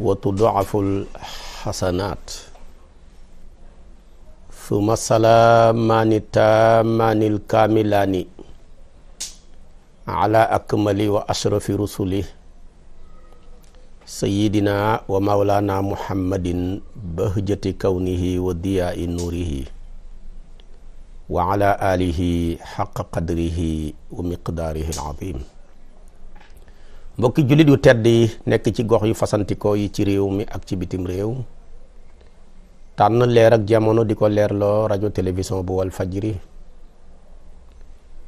wa tudaafu alxasanaat suma salaamaani taamaani alkaamilaani ala akmali wa ashrafi rusuli sayidina wa mawlana muhammadin bahjati kawnihi wa diyaai nuurihi wa ala alihi xaqa qadrihi wa miqdaarihi alazim mbokki jullit yu tedd yi nekk ci gox yu fasantikoo yi ci réew mi ak ci bitim réew tànn leer ak jamono di ko leerloo rajo télévision bu wal fajri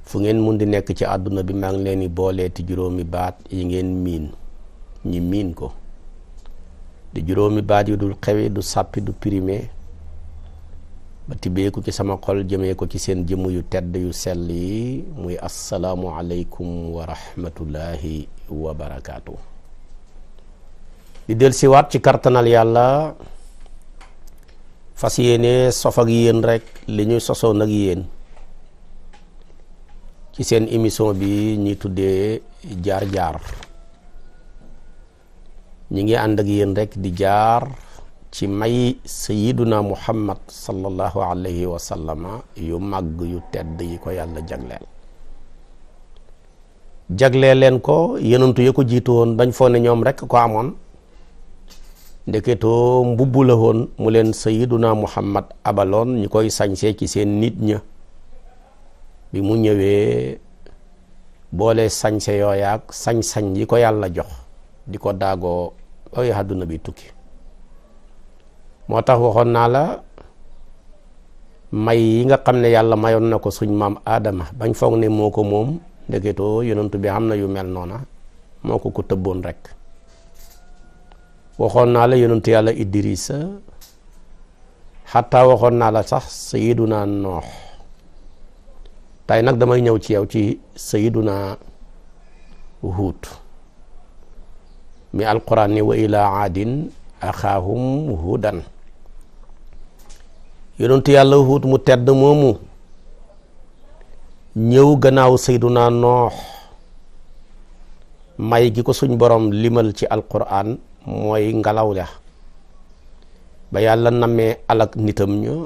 fu ngeen mun di nekk ci àdduna bi maa ngi leen di booleeti juróomi baat yi ngeen miin ñi miin ko di juróomi baat yu dul xewi du sàppi du primé ba tibbeeku ci sama xol jëmee ko ci seen jëmm yu tedd yu sell yi muy assalaamu aleykum wa rahmatullahi wa barakaatu di del ci kartanal yàlla fas yéene sof ak yéen rek li ñu sosoon ak yéen ci seen émission bi ñuy tuddee jaar-jaar ñu ngi ànd ak yéen rek di jaar ci may sayiduna muhammad sallallahu alayhi wa sallama yu màgg yu tedd yi ko yàlla jagleel jagleel leen ko yenentu ya ko jiitu woon dañ foo ne ñoom rekk ko amoon ndeketoo mbubbu la woon mu leen sayiduna muhammad abaloon ñu koy sañsee ci seen nit ña bi mu ñëwee boole sañse yooyaak sañ-sañ yi ko yàlla jox di ko daagoo ay àdduna bi tukki moo tax waxoon naa la may yi nga xam ne yàlla mayoon na ko suñ maam aadama bañ foog ne moo ko moom ndeketoo yonent bi am na yu mel noona moo ko ko tëbboon rek waxoon naa la yonent yàlla Idrissa xataa waxoon naa la sax sayiduna noox tey nag damay ñëw ci yow ci sayiduna huut mi alquran ni wa ila aadin axaahum hudan yonentu yàlla huut mu tedd moomu ñëw gannaaw sayduna noox may gi ko suñ borom limal ci alquran mooy ngelaw la ba yàlla namee alak nitam ñu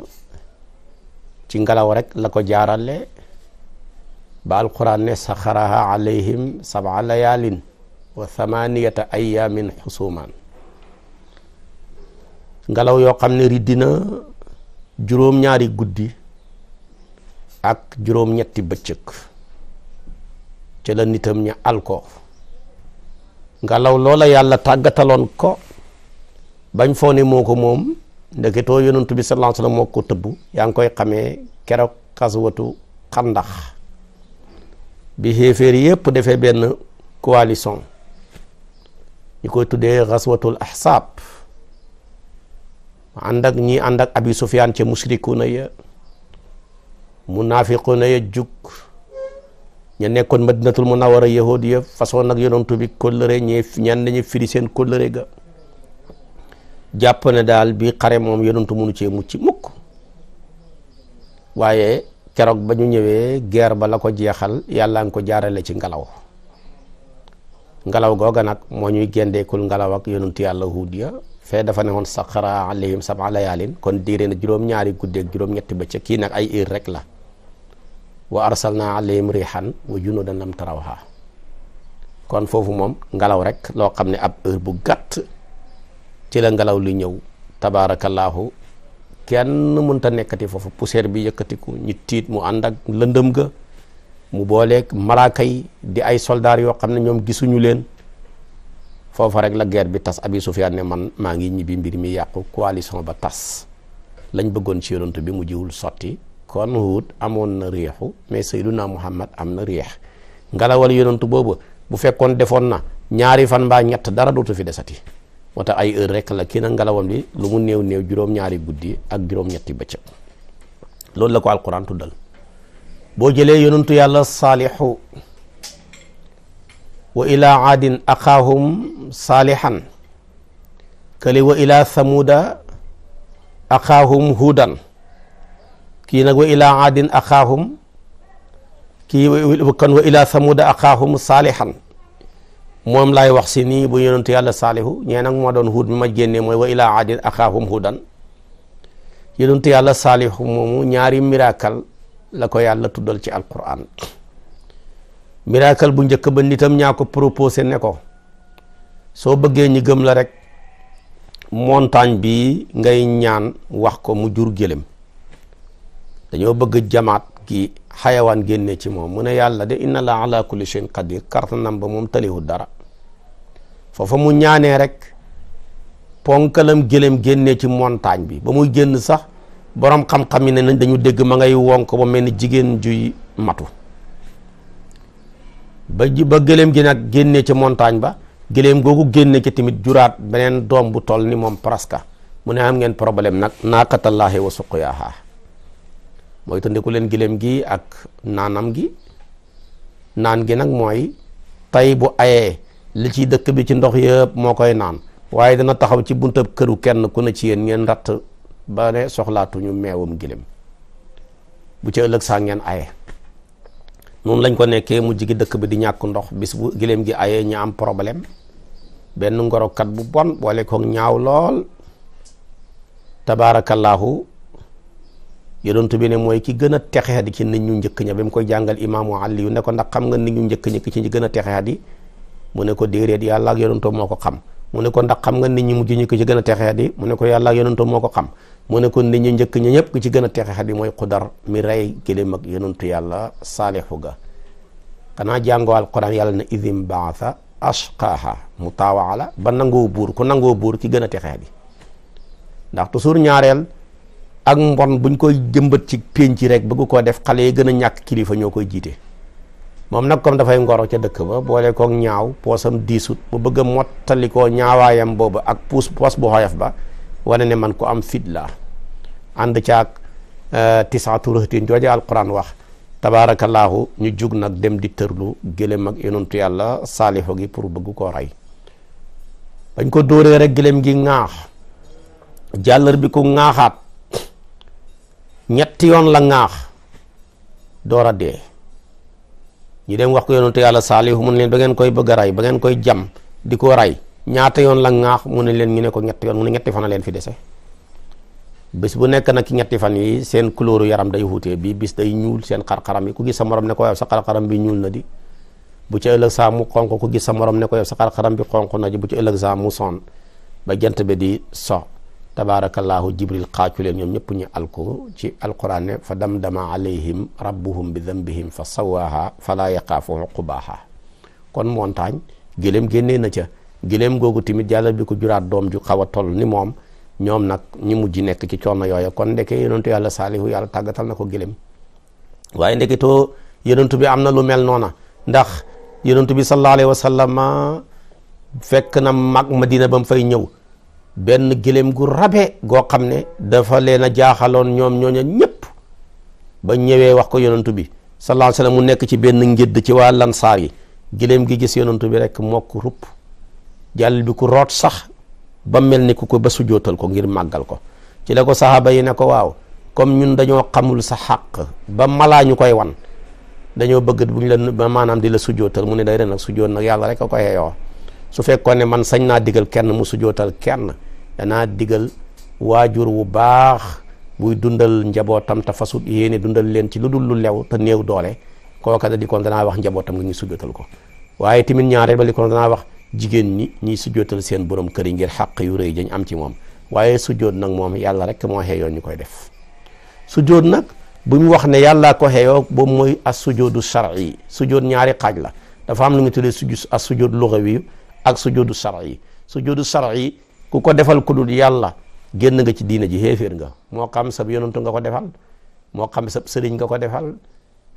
ci ngelaw rek la ko jaarale ba alquran ne saxaraha alayhim sab'a layaalin wa thamaniyata ayaamin xusumaan ngelaw yoo xam ne riddi na juróom-ñaari guddi ak juróom-ñetti bëccëg ca la nitam ña al ko ngelaw loola yàlla tàggataloon ko bañ foo ne moo ko moom ndeketoo yonentu bi sallallahu alayhi wasallam moo ko tëbb yaa ngi koy xamee keroog xaswatu xandax bi xéeféer yépp defee benn coalition ñu koy tuddee xaswatul ahsaab ànd ak ñi ànd ak abi sufyaan ca musrikuuna ya munaafiquuna ya jug ña nekkoon madinatul munawara yahuud ya façon nag yonontu bi kóllëre ñee ñan dañu firi seen kóllëre ga jàpp ne daal bi xare moom yonontu munu cee mucc mukk waaye keroog ba ñu ñëwee ger ba la ko jeexal yàlla nga ko jaarale ci ngelaw ngelaw googa nag moo ñuy gendeekul ngelaw ak yonantu yàlla huud ya fee dafa ne woon saxara alayhim sab'a layaalin kon diire na juróom-ñaari guddeeg juróom-ñetti bëccëg kii nag ay heure rek la wa arsalna alayhim rihan wa junudan lam tarawha kon foofu moom ngelaw rek loo xam ne ab heure bu gàtt ci la ngelaw lu ñëw tabaarakallaahu kenn mënta nekkati foofu poussière bi yëkkatiku ñu tiit mu ànd ak lëndëm ga mu booleeg malaaka di ay soldaar yoo xam ne ñoom gisuñu leen foofa rek la guerre bi tas abi Sufyaan man maa ngi ñibbi mbir mi yàqu coalition ba tas lañ bëggoon ci yonent bi mu jiwul sotti kon Huud amoon na réexu mais Sayyiduna Muhammad am na réex ngalawal yonent boobu bu fekkoon defoon na ñaari fan mbaa ñett dara dootu fi desati wata ay heure rek la kii na ngalawam li lu mu néew néew juróom-ñaari guddi ak juróom-ñetti bëccëg loolu la ko alquran tuddal boo jëlee yonentu yàlla saalihu wa ila aadin aqaahum saalihan kële wa ila samuuda aqaahum huudan kii nag wa ila aadin aqaahum kii kon wa ila samuuda aqaahum saalihan moom laay wax si nii bu yonentu yàlla saalihu ñee nag moo doon huud mi ma génnee mooy wa ila aadin aqaahum huudan yonentu yàlla saalihu moomu ñaari miraakal la ko yàlla tuddal ci alquran miracle bu njëkk ba nitam ñaa ko proposé ne ko soo bëggee ñi gëm la rek montagne bi ngay ñaan wax ko mu jur gélém dañoo bëgg jamaat ki xayawaan génne ci moom mu ne yàlla de inna laa ala kulli shay'in qadir kartanam ba moom taliwul dara foofa mu ñaanee rek ponkalam gélém génne ci montagne bi ba muy génn sax borom xam-xam yi ne nañ dañu dégg ma ngay wonk ba mel ni jigéen juy matu ba ji ba gëléem gi nag génne ca montagne ba gëléem googu génne ci tamit juraat beneen doom bu tol ni moom presque mu ne am ngeen problème nag naaqatallaahi wa suqyaahaa mooy tëndiku leen gëléem gi ak naanam gi naan gi nag mooy tey bu ayee li ci dëkk bi ci ndox yëpp moo koy naan waaye dana taxaw ci buntab këru kenn ku ne ci yéen ngeen ratt ba ne soxlaatuñu meewum gëléem bu ci ëllëg saa ngeen aye noonu lañ ko nekkee mu jigi dëkk bi di ñàkk ndox bis bu gileem gi ayee ñu am problème benn ngorokat bu bon boole ko ñaaw lool tabaarakallaahu yonent bi ne mooy ki gën a texe di ci nit ñu njëkk ña mu koy jàngal imaamu Ali yu ne ko ndax xam nga nit ñu njëkk ñi ki ci gën a texe di mu ne ko yàlla ak yonentam moo ko xam mu ne ko ndax xam nga nit ñi mujj ñi ki ci gën a texe di mu ne ko yàlla ak yonentam moo ko xam mu ne kon li ñu njëkk ñu ñëpp ku ci gën a texe xat mooy mooy xudar mi rey kilim ak yonentu yàlla saalihu ga xanaa jàngoo alquran yàlla na idim baasa ashqaha mu taawaala ba nangoo buur ku nangoo buur ki gën a texe xat yi ndax toujours ñaareel ak mbon buñ koy jëmbat ci pénc rek bëgg koo def xale yi gën a ñàkk kilifa ñoo koy jiite moom nag comme dafay ngoro ca dëkk ba boole koog ñaaw poosam diisut mu bëgg a mottalikoo ñaawaayam boobu ak puus poos bu xoyof ba wane ne man ko am fit la ànd caag euh, tisaatu rëhtin jooje alquran wax tabaarakallaahu ñu jug nag dem di tërlu gëlem ak yonentu yàlla saalixo gi pour bëgg koo rey bañ ko dóoree rek gëlem gi ŋaax jàllar bi ko ŋaaxaat ñetti yoon la ŋaax door dee ñu dem wax ko yonentu yàlla saalixu mun leen ba ngeen koy bëgg a rey ba ngeen koy jam di ko rey ñaata yoon la ŋaax mu ne leen ñu ne ko ñetti yoon mu ne ñetti fan a leen fi dese bis bu nekk nag ci ñetti fan yi seen couleur yaram day wuutee bii bis day ñuul seen xar-xaram yi ku gis sa morom ne ko sa xar bi ñuul na di bu ci ëllëg saa mu xonq gis sa morom ne ko sa xar-xaram bi xonq na di bu ci ëllëg saa mu son ba jant bi di so tabaarakallaahu jibril xaacu leen ñoom ñëpp ñu alko ci alkuraan fa dam damdama alayhim rabbuhum bi dambihim fa sawaaha falaa yaqaafu uqbaaha kon montagne gëlëm génnee na ca gileem googu tamit yàlla bi ko juraat doom ju xaw a toll ni moom ñoom nag ñi mujj nekk ci coono yooya kon ndeke yonentu yàlla saalihu yàlla tàggatal na ko gileem waaye ndeketoo yonentu bi am na lu mel noona ndax yonentu bi sallallahu alayhi wa sallam fekk na mag madina ba mu fay ñëw benn gileem gu rabe goo xam ne dafa leen a jaaxaloon ñoom ñooña ñëpp ba ñëwee wax ko yonentu bi sallallahu alayhi wa mu nekk ci benn ngédd ci waa lansaar yi gileem gi gis yonentu bi rek mokk rupp jàll bi ku root sax ba mel ni ku ko ba sujootal ko ngir màggal ko ci la ko sahaaba yi ne ko waaw comme ñun dañoo xamul sa xàq ba malaa ñu koy wan dañoo bëgg bu ñu la ba maanaam di la sujootal mu ne day ren nag sujoot nag yàlla rek a ko yeyoo su fekkoon ne man sañ naa digal kenn mu sujootal kenn danaa digal waajur wu baax buy dundal njabootam te fasul yéene dundal leen ci lu dul lu lew te néew doole kooka da di koon danaa wax njabootam nga ñu sujootal ko waaye tamit ñaareel ba li danaa wax jigéen ñi ñiy sujjootal seen borom kër yi ngir xàq yu rëy dañ am ci moom waaye sujjoot nag moom yàlla rek moo xeeyoon ñu koy def sujjoot nag bu ñu wax ne yàllaa ko xeeyoo boobu mooy as sujjoodu shar'i sujjoot ñaari xaaj la dafa am lu ñu tuddee sujjoot as sujjoot lugawi ak sujjoodu shar'i sujjoodu shar'i ku ko defal ku dul yàlla génn nga ci diina ji xéeféer nga moo kam sab yonantu nga ko defal moo xam sab sëriñ nga ko defal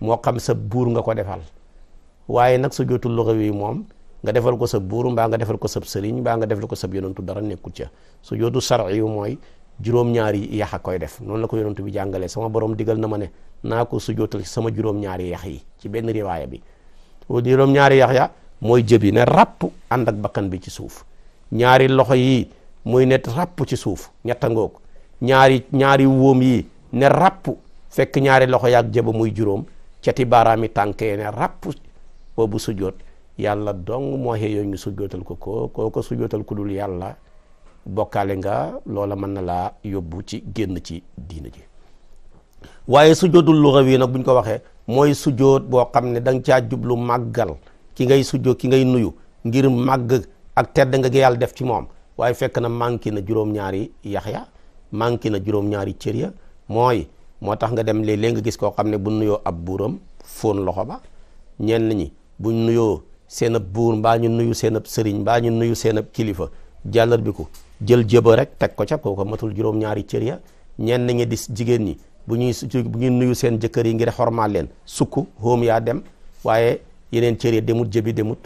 moo xam sab buur nga ko defal waaye nag sujjootu lugawi moom nga defal ko sab buur mbaa nga defal ko sab sëriñ mbaa nga defal ko sab yonantu dara nekkul ca sujoodu sar'i yu mooy juróom-ñaari yax koy def noonu la ko yonantu bi jàngalee sama borom digal na ma ne naa ko sujootal sama juróom-ñaari yax yi ci benn riwaaya bi juróom-ñaari yax ya mooy jëbi ne ràpp ànd ak bakkan bi ci suuf ñaari loxo yi muy ne rapp ci suuf ñetta ngoog ñaari ñaari wóom yi ne rapp fekk ñaari loxo yaak jëba muy juróom cati baaraami tànkee ne ràpp boobu sujoot yàlla dong moo xëyoo ñu sujjootal ko ko koo ko sujjootal ku dul yàlla bokkaale nga loola mën na laa yóbbu ci génn ci diina ji waaye sujjoodul luxawi nag buñ ko waxee mooy sujjoot boo xam ne da nga caa jublu màggal ki ngay sujjoot ki ngay nuyu ngir màgg ak tedd nga gi yàlla def ci moom waaye fekk na manqué na juróom-ñaari yax ya manqué na juróom-ñaari cër ya mooy moo tax nga dem léeg nga gis koo xam ne bu nuyoo ab buuram fóon loxo ba ñenn ñi buñ nuyoo seen ab buur baa ñu nuyu seen ab sëriñ mbaa ñu nuyu seen ab kilifa jàllar bi ko jël jëba rek teg ko ca kooka matul juróom-ñaari cër ya ñenn ñi di jigéen ñi bu ñuy bu ñuy nuyu seen jëkkër yi ngir xormaal leen sukk hoom yaa dem waaye yeneen cër ya demut jëbi demut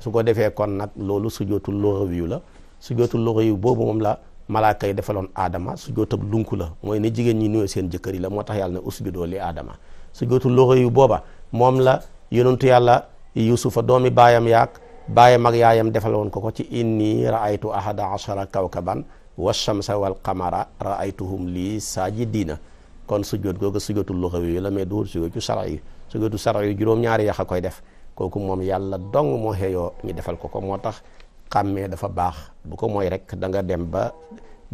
su ko defee kon nag loolu sujootul luxawi yu la sujootul luxawi yu boobu moom la malaaka yi defaloon aadama sujootab lunku la mooy ni jigéen ñi nuyoo seen jëkkër yi la moo tax yàlla ne usjudoo li aadama sujootul luxawi yu booba moom la yonentu yàlla yusufa doomi baayam yaag baayam ak yaayam defal woon ko ko ci inni raaytu ahada ashara kawkaban wa shamsa wal qamara raaytuhum lii sajidina kon sujjóot googu sujjóotul luxawi yi la mais duur sujjóotu sara yi sujjóotu sara yi juróom-ñaari yax a koy def kooku moom yàlla dong moo xëyoo ñu defal ko ko moo tax xàmmee dafa baax bu ko mooy rek danga dem ba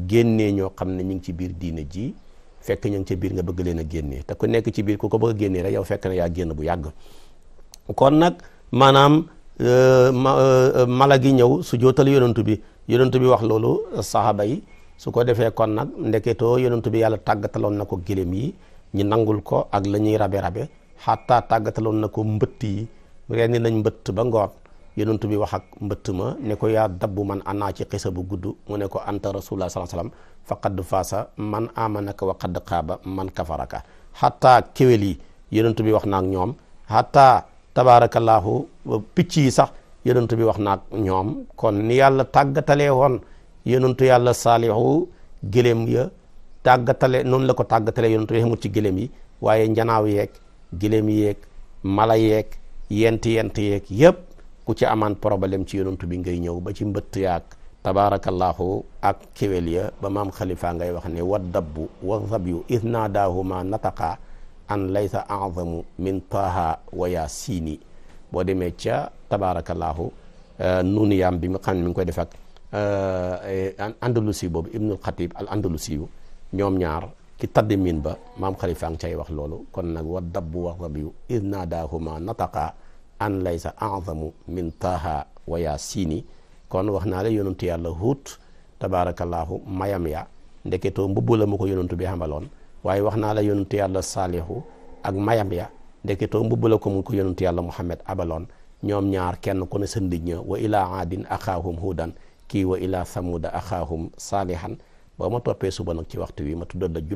génnee ñoo xam ne ñu ngi ci biir diina ji fekk ñu ngi ci biir nga bëgg leen a génnee te ku nekk ci biir ku ko bëgg a génnee yow fekk yaa génn bu yàgg kon nag maanaam euh, euh, mala gi ñëw su jootal yonentu bi yonentu bi wax loolu saxaaba yi su ko defee kon nag ndeketoo yonentu bi yàlla tàggataloon na ko gëléem yi ñu nangul ko ak la ñuy rabe-rabe xataa tàggataloon na ko mbëtt yi rendi nañ mbëtt ba ngoon yonentu bi wax ak mbëtt ma ne ko yaa dabbu man anaa ci xisa bu gudd mu ne ko anta rasulullah sallallahu alayhi wasallam faqad faasa man amanaka wa qad xaaba man kafaraka xataa kéwél yi yonentu bi wax na ak ñoom xataa tabaarakallaahu picc yi sax yonentu bi wax naag ñoom kon ni yàlla tàggatalee woon yonentu yàlla saalihu gëléem ya tàggatale noonu la ko tàggatalee yonentu yemul ci gëléem yi waaye njanaaw yeeg gëléem yeeg mala yeeg yent yent yeeg yëpp ku ci aman problème ci yonentu bi ngay ñëw ba ci mbëtt yaag tabaarakallaahu ak kéwél ya ba maam xalifaa ngay wax ne wa dabbu wa zabyu idnaadaahuma nataqa an laysa azamu min taha wa yaasiini boo demee ca tabaarakallaahu euh, nuunu yaam bi nga xam ne mi ngi koy def ak euh, andalusi boobu ibnul xatib al andalusi yu ñoom ñaar ki ci taddimin ba maam xalifa ngi cay wax loolu kon nag wa dabbu wa rabiyu id naadaahuma nataqa an laysa azamu min taha wa yaasiini kon wax naa la yonentu yàlla huut tabaarakallaahu mayam ya ndeketoo mbubb la mu ko yonentu bi xamaloon waaye wax naa la yonentu yàlla saalihu ak mayam ya ndeketoo mbubb la ko mu ko yonentu yàlla muhammad abaloon ñoom ñaar kenn ku ne sa ndiñ wa ilaa aadin axaahum hudan kii wa ilaa samuda axaahum saalihan boo ma toppee suba nag ci waxtu wi ma tuddal la juróom